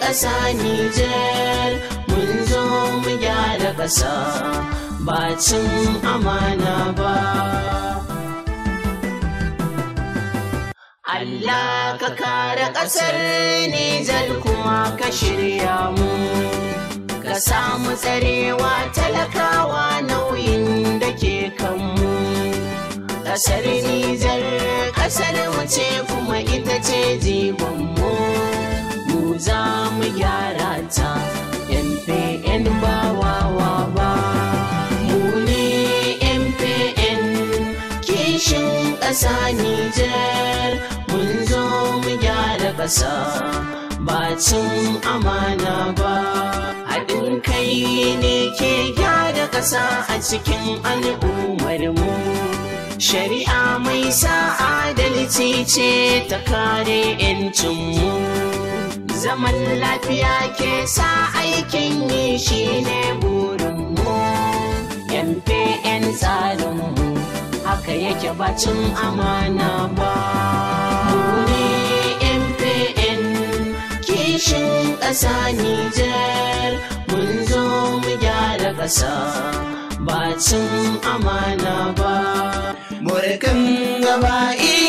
ƙasa Nijar mun zo mu gyara ƙasa ba cin amana ba. Allah ka kare ƙasar Nijar kuma ka shirya mu. Ka samu tsarewa talakawa nauyin da ke kanmu. Ƙasar Nijar ƙasar mu ce kuma ita ce mu. za mu gyara ta mpn ba wawa ba mu ne mpn kishin ƙasa nijar mun zo mu gyara ƙasa ba cin amana ba haɗin kai ne ke gyara ƙasa a cikin al'ummar mu shari'a mai sa adalci ce ta kare 'yancinmu. zaman lafiya ke sa aikin yi shi shine burinmu yanfe 'yan tsarinmu haka yake bacin amana ba buri mpn kishin ƙasa nijar mun zo mu gyara ƙasa bacin amana ba murkan gaba'i